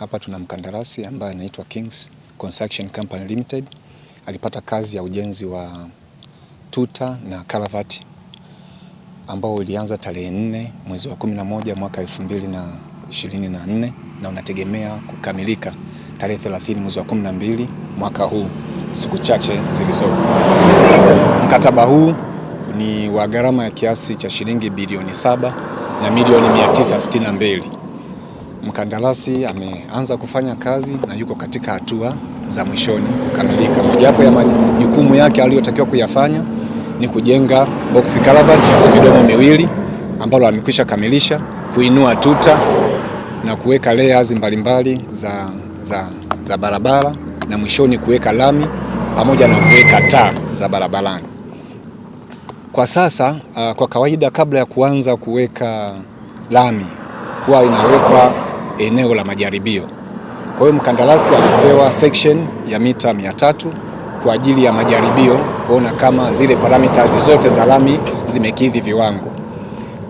Hapa tuna mkandarasi ambaye anaitwa Kings Construction Company Limited, alipata kazi ya ujenzi wa tuta na karavati ambao ulianza tarehe nne mwezi wa 11 mwaka 2024 na, na unategemea kukamilika tarehe 30 mwezi wa 12 mwaka huu, siku chache zilizopo. Mkataba huu ni wa gharama ya kiasi cha shilingi bilioni saba na milioni 962 mkandarasi ameanza kufanya kazi na yuko katika hatua za mwishoni kukamilika. Mojawapo ya majukumu yake aliyotakiwa kuyafanya ni kujenga box culvert ya midomo miwili ambalo amekwisha kamilisha, kuinua tuta na kuweka layers mbalimbali za, za, za barabara na mwishoni kuweka lami pamoja na kuweka taa za barabarani. Kwa sasa uh, kwa kawaida kabla ya kuanza kuweka lami huwa inawekwa eneo la majaribio. Kwa hiyo mkandarasi alipewa section ya mita 300 kwa ajili ya majaribio kuona kama zile parameters zote za lami zimekidhi viwango.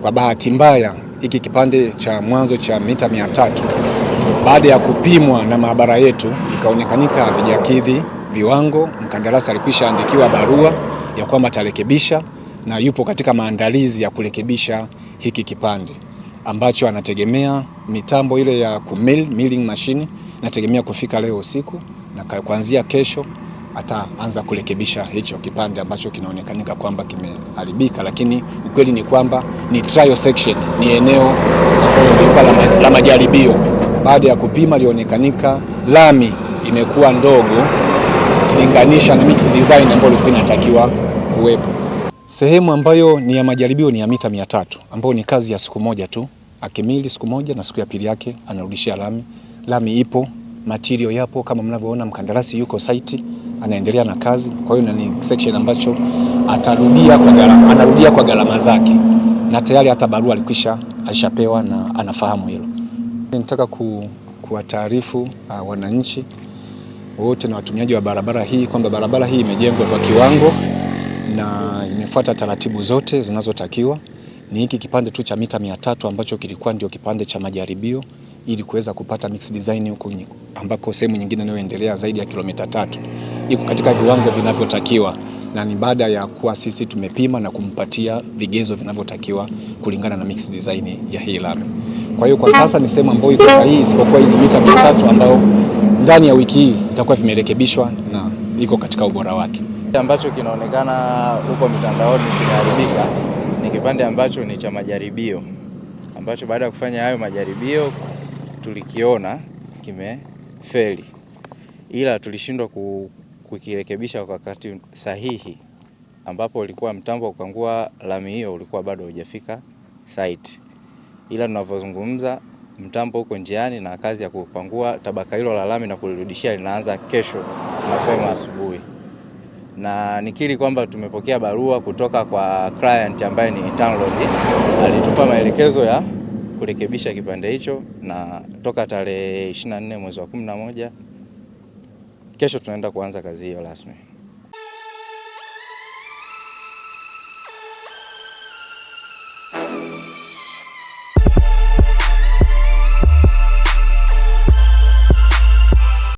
Kwa bahati mbaya, hiki kipande cha mwanzo cha mita 300 baada ya kupimwa na maabara yetu ikaonekanika havijakidhi viwango. Mkandarasi alikwisha andikiwa barua ya kwamba atarekebisha na yupo katika maandalizi ya kurekebisha hiki kipande ambacho anategemea mitambo ile ya kumil, milling machine nategemea kufika leo usiku, na kuanzia kesho ataanza kurekebisha hicho kipande ambacho kinaonekanika kwamba kimeharibika, lakini ukweli ni kwamba ni trial section, ni eneo la majaribio. Baada ya kupima, lionekanika lami imekuwa ndogo ukilinganisha na mix design ambayo ilikuwa inatakiwa kuwepo. Sehemu ambayo ni ya majaribio ni ya mita mia tatu ambayo ni kazi ya siku moja tu, akimili siku moja na siku ya pili yake anarudishia lami. Lami ipo, matirio yapo, kama mnavyoona mkandarasi yuko site anaendelea na kazi. Kwa hiyo ni section ambacho atarudia kwa gharama, anarudia kwa gharama zake, na tayari hata barua alikwisha alishapewa na anafahamu hilo. Nataka ku, kuwataarifu uh, wananchi wote na watumiaji wa barabara hii kwamba barabara hii imejengwa kwa kiwango na imefuata taratibu zote zinazotakiwa. Ni hiki kipande tu cha mita mia tatu ambacho kilikuwa ndio kipande cha majaribio ili kuweza kupata mix design huko ambako sehemu nyingine inayoendelea zaidi ya kilomita tatu iko katika viwango vinavyotakiwa, na ni baada ya kuwa sisi tumepima na kumpatia vigezo vinavyotakiwa kulingana na mix design ya hii lami. Kwa hiyo kwa ah. sasa ni sehemu ambayo iko sahihi, isipokuwa hizi mita mia tatu ambayo ndani ya wiki hii itakuwa vimerekebishwa na iko katika ubora wake ambacho kinaonekana huko mitandaoni kinaharibika ni kipande ambacho ni cha majaribio, ambacho baada ya kufanya hayo majaribio tulikiona kimefeli, ila tulishindwa kukirekebisha kwa wakati sahihi, ambapo ulikuwa mtambo wa kukangua lami hiyo ulikuwa bado hujafika site, ila tunavyozungumza mtambo huko njiani na kazi ya kupangua tabaka hilo la lami na kulirudishia linaanza kesho mapema asubuhi na nikiri kwamba tumepokea barua kutoka kwa client ambaye ni Tanlord, alitupa maelekezo ya kurekebisha kipande hicho, na toka tarehe 24 mwezi wa 11 kesho tunaenda kuanza kazi hiyo rasmi.